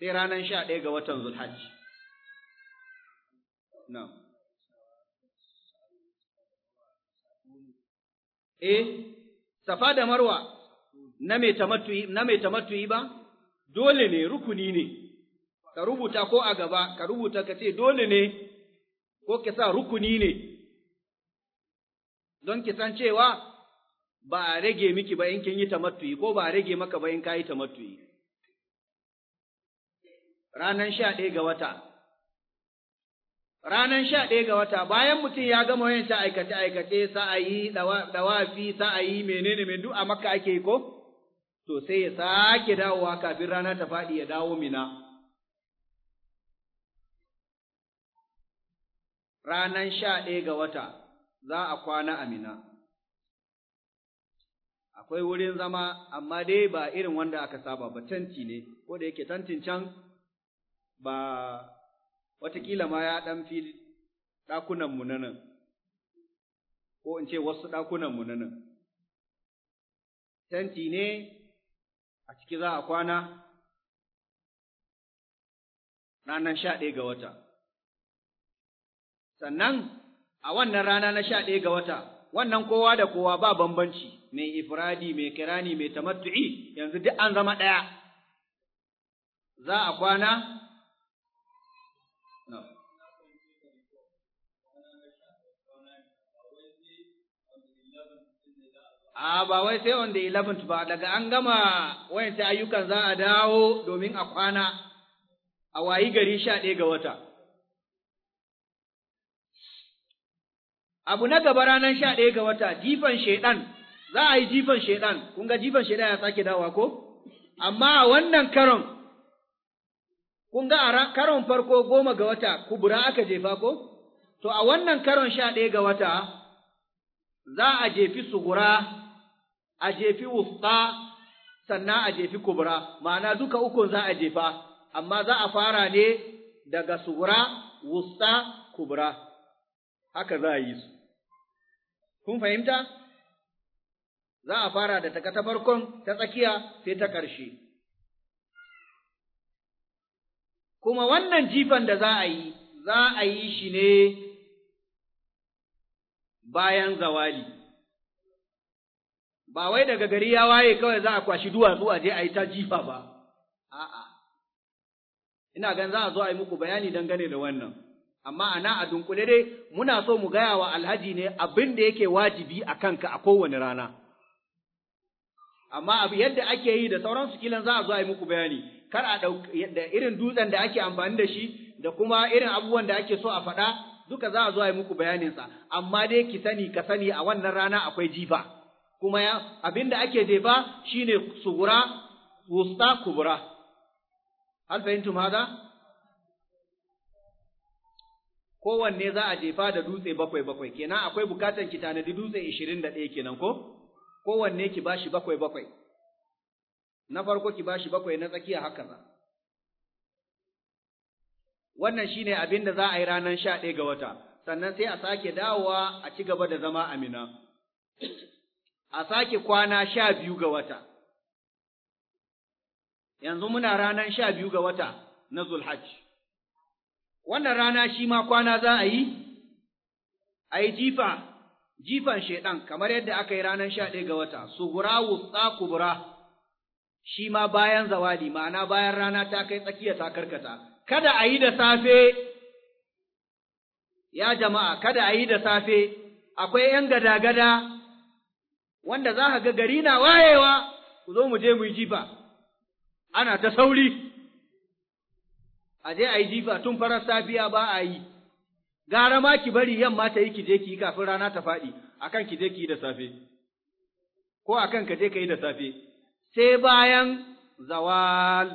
sai ranar sha ɗaya ga watan Zulhaji. Na. Eh, safa da marwa na mai tamattuyi ba, dole ne rukuni ne, ka rubuta ko a gaba, ka rubuta ka ce dole ne ko ka sa rukuni ne, don ki san cewa ba a rage miki ba in kin yi tamattuyi ko ba a rage maka ba in ka yi tamattuyi. ranan sha ɗaya ga wata. Ranan sha ɗaya ga wata bayan mutum ya gama wayan ta aikace-aikace yi dawafi, yi menene mai du'a maka ake ko? To sai ya sake dawowa kafin rana ta faɗi ya dawo mina. Ranan sha ɗaya ga wata za a kwana a mina. Akwai wurin zama, amma dai ba irin wanda aka saba ba, tanti ne, ko da yake tantin can ba watakila ma ya ɗan fi ɗakunanmu na nan, ko in ce wasu ɗakunanmu na nan. Tenti ne a ciki za a kwana ranar sha ɗaya ga wata. Sannan a wannan rana na sha ɗaya ga wata, wannan kowa da kowa ba bambanci mai ifradi mai kirani mai tamattu'i yanzu duk an zama ɗaya za a kwana a ba wai sai on the 11 ba daga an gama wayancan ayyukan za a dawo domin a kwana a wayi gari sha ɗaya ga wata abu na gaba ranar sha ɗaya ga wata jifan shaiɗan za a yi jifan shaiɗan kun ga jifan shaiɗan ya sake dawa ko amma a wannan karon kun ga a karon farko goma ga wata kubura aka jefa ko to a wannan karon sha ɗaya ga wata za a jefi su gura. a jefi wusta sannan a jefi kubra ma'ana duka ukun za a jefa amma za a fara ne daga sugura wusta kubra haka za a yi su kun fahimta za a fara da ta farkon ta tsakiya sai ta ƙarshe kuma wannan jifan da za a yi za a yi shi ne bayan zawali ba wai daga gari ya waye kawai za a kwashi duwatsu a je a yi ta jifa ba, a'a, ina gan za a zo a yi muku bayani dangane da wannan, amma a na a dunkule dai muna so mu gaya wa alhaji ne abin da yake wajibi a kanka a kowane rana. Amma abu yadda ake yi da sauran su kilan za a zo a yi muku bayani, kar a da irin dutsen da ake amfani da shi da kuma irin abubuwan da ake so a faɗa duka za a zo a yi muku bayaninsa, amma dai ki sani ka sani a wannan rana akwai jifa. kuma abinda ake jefa shine sugura wusta kubura hal fahimtum hada kowanne za a jefa da dutse bakwai bakwai kenan akwai bukatan ki tanadi dutse 21 kenan ko kowanne ki bashi bakwai bakwai na farko ki bashi bakwai na tsakiya haka za wannan shine abin da za a yi ranar sha ɗaya ga wata sannan sai a sake dawowa a ci gaba da zama amina a sake kwana sha biyu ga wata. Yanzu muna ranar sha biyu ga wata na Zulhaj. Wannan rana shi ma kwana za a yi, a yi jifa, jifan shaiɗan kamar yadda aka yi ranar sha ɗaya ga wata, su sugura wutsa kubura, shi ma bayan zawadi, ma'ana bayan rana ta kai tsakiya ta karkata. Kada a yi da safe, ya jama'a, kada a yi da safe, akwai ’yan gada-gada wanda za ka ga gari na wayewa ku zo mu je mu yi jifa ana ta sauri a je a jifa tun farar safiya ba a yi gara ma ki bari yamma ta yi ki je ki kafin rana ta faɗi akan ki je ki da safe ko akan ka je ka yi da safe sai bayan zawal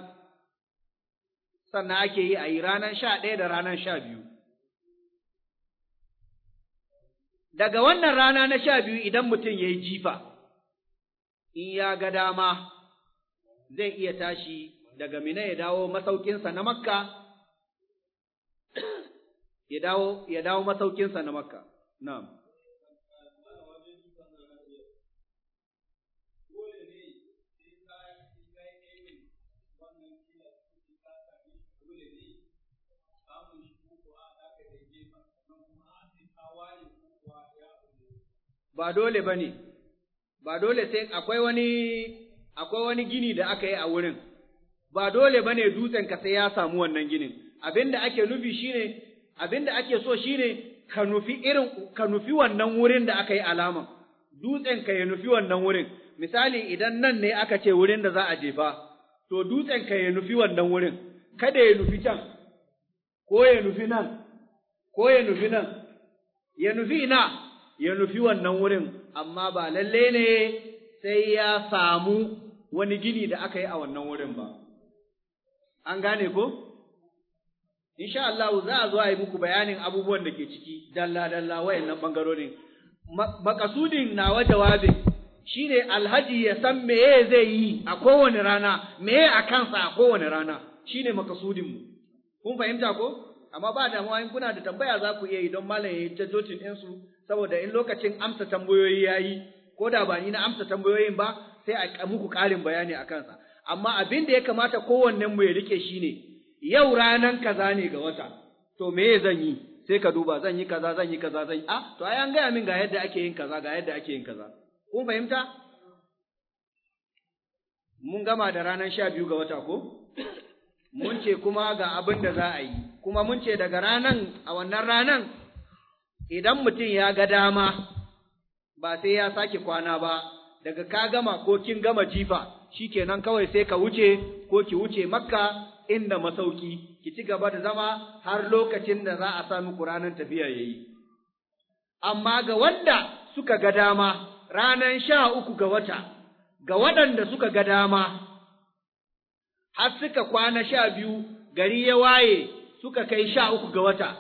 sannan ake yi a yi ranar sha ɗaya da ranar sha biyu daga wannan rana na sha biyu idan mutum ya yi jifa, in ya ga dama zai iya tashi daga mina ya dawo masaukinsa na makka, ya dawo, masaukinsa na makka, na'am. ba dole ba ne, ba dole sai akwai wani, akwai wani gini da aka yi a wurin, ba dole ba ne dutsen ka sai ya samu wannan ginin, abin da ake nufi ne, abin da ake so shine ka nufi irin, ka nufi wannan wurin da aka yi alama, dutsen ka ya nufi wannan wurin, misali idan nan ne aka ce wurin da za a jefa, to dutsen ka ya nufi wannan wurin, kada ya nufi can, ko ya nufi nan, ko ya nufi nan, ya nufi ina. ya nufi wannan wurin amma ba lalle ne sai ya samu wani gini da aka yi a wannan wurin ba an gane ko insha Allah za a zo a yi muku bayanin abubuwan da ke ciki dalla dalla wayannan bangarorin makasudin nawa jawabin shine alhaji ya san meye zai yi a kowane rana meye a kansa a kowane rana shine makasudin mu kun fahimta ko amma ba damuwa in kuna da tambaya za ku iya yi don malam ya ta jocin ɗinsu saboda in lokacin amsa tambayoyi ya yi ko da ba ni na amsa tambayoyin ba sai a muku ƙarin bayani a kansa amma abin da ya kamata kowannen mu ya rike shi ne yau ranan kaza ne ga wata to me zan yi sai ka duba zan yi kaza zan yi kaza zan yi a ah, to ai an gaya min ga yadda ake yin kaza ga yadda ake yin kaza kun fahimta mun gama da ranar sha biyu ga wata ko mun ce kuma ga abin da za a yi, kuma mun ce daga ranan a wannan ranan idan mutum ya ga dama ba sai ya sake kwana ba, daga ka gama ko kin gama jifa, shi kenan kawai sai ka wuce ko ki wuce makka inda masauki, ki ci gaba da zama har lokacin da za a sami ranar tafiya ya yi. Amma ga wanda suka ga dama, ranar sha uku ga wata, ga waɗanda suka ga dama, har suka kwana sha biyu gari ya waye suka kai sha uku ga wata,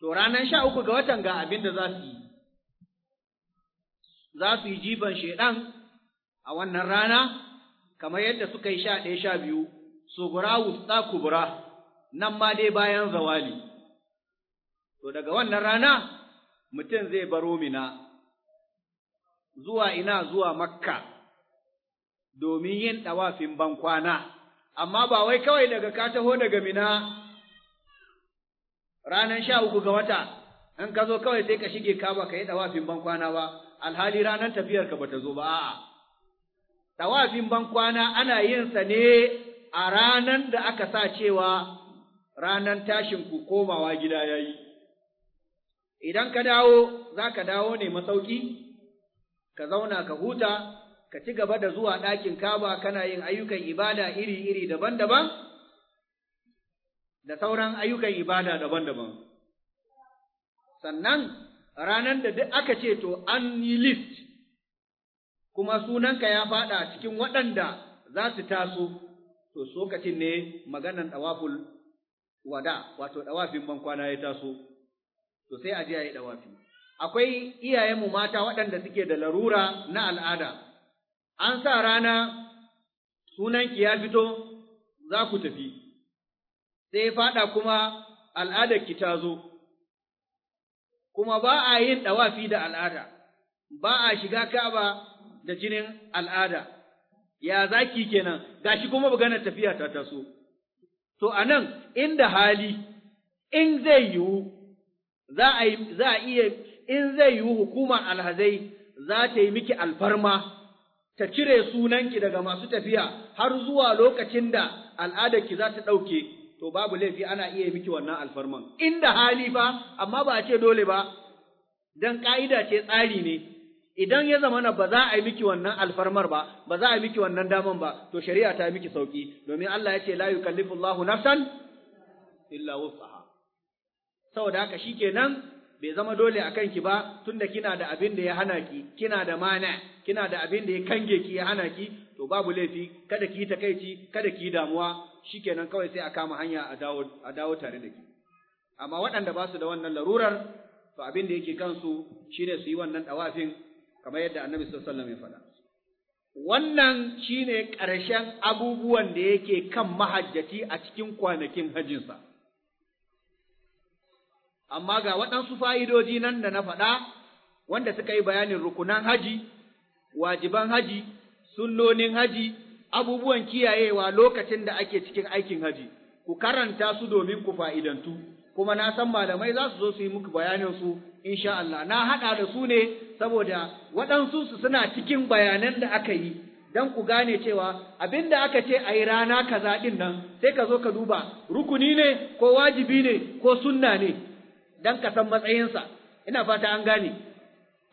to ranar sha uku ga watan ga abin da za su yi, za su yi jifan shaiɗan a wannan rana, kamar yadda suka yi sha ɗaya sha biyu, su sugura wutsa kubura, nan ma dai bayan zawali. To daga wannan rana, mutum zai baro mina, zuwa ina zuwa makka. domin yin ɗawafin bankwana, amma ba wai kawai daga ka taho daga mina ranar sha uku ga wata, in ka zo kawai sai ka shige ka ba ka yi ɗawafin bankwana ba, alhali ranar tafiyar ka bata zo ba, a'a. Ɗawafin bankwana ana yin sa ne a ranar da aka sa cewa ranar tashin ku komawa gida ya yi. Idan ka dawo, za ka dawo ne masauki, ka zauna ka huta, ka ci gaba da zuwa ɗakin kaba kana yin ayyukan ibada iri-iri daban-daban da sauran ayyukan ibada daban-daban. Sannan ranar da duk aka ce to an yi list, kuma sunanka ya faɗa cikin waɗanda za su taso, to lokacin ne maganan ɗawaful wada, wato ɗawafin bankwana ya taso, to sai a ji a yi ɗawafi. Akwai iyayenmu mata waɗanda suke da larura na al'ada. an sa rana sunan ki ya fito za ku tafi, sai faɗa kuma al'adarki ta zo, kuma ba a yin ɗawafi da al'ada, ba a shiga kaba da jinin al'ada, ya zaki kenan, gashi kuma maganar tafiya ta taso. To, anan, nan inda hali, in zai yiwu, za a iya, in zai yiwu hukumar alhazai za ta yi miki alfarma. ta cire sunanki daga masu tafiya har zuwa lokacin da al'adarki za ta ɗauke, to babu laifi ana iya miki wannan alfarman. Inda hali fa amma ba a ce dole ba, don ƙa'ida ce tsari ne, idan ya zamana ba za a yi miki wannan alfarmar ba, ba za a yi miki wannan daman ba, to shari'a ta miki sauƙi, domin Allah ya ce la yukallifullahu nafsan illa wusaha. Saboda haka shikenan bai zama dole a kanki ba tunda kina da abin da ya hana ki kina da mana kina da abin da ya kange ki ya hana ki to babu laifi kada ki takaici kada ki damuwa shikenan kawai sai a kama hanya a dawo a dawo tare da ki amma waɗanda ba su da wannan larurar to abin da yake kansu shine su yi wannan dawafin kamar yadda Annabi sallallahu alaihi wasallam ya faɗa wannan shine ƙarshen abubuwan da yake kan mahajjati a cikin kwanakin hajjinsa. amma ga waɗansu fa'idoji nan da na faɗa wanda suka yi bayanin rukunan haji, wajiban haji, sunnonin haji, abubuwan kiyayewa lokacin da ake cikin aikin haji, ku karanta su domin ku fa'idantu, kuma na san malamai za su zo su yi muku bayaninsu, in insha Allah. Na haɗa da su ne saboda waɗansu su suna cikin bayanan da aka yi, don ku gane cewa abin da aka ce a yi rana kaza ɗin nan, sai ka zo ka duba, rukuni ne ko wajibi ne ko sunna ne. dan ka san matsayinsa ina fata an gane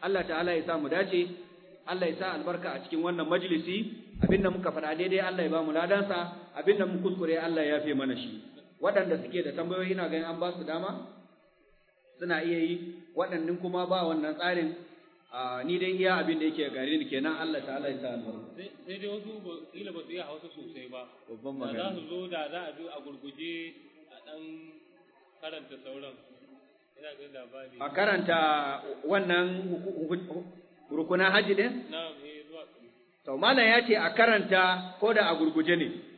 Allah ta'ala ya sa mu dace Allah ya sa albarka a cikin wannan majalisi abinda muka faɗa daidai Allah ya ba mu ladansa abinda mu kuskure Allah ya fi mana shi waɗanda suke da tambayoyi ina ganin an ba su dama suna iya yi waɗannan kuma ba wannan tsarin ni dai iya abin da yake gare ni kenan Allah ta'ala ya sa albarka sai dai wasu kila ba su iya hausa sosai ba babban magana za su zo da za a bi a gurguje a dan karanta sauran a karanta wannan rukunan hajji ne? Na, eh, ya ce a karanta ko da a gurguje ne,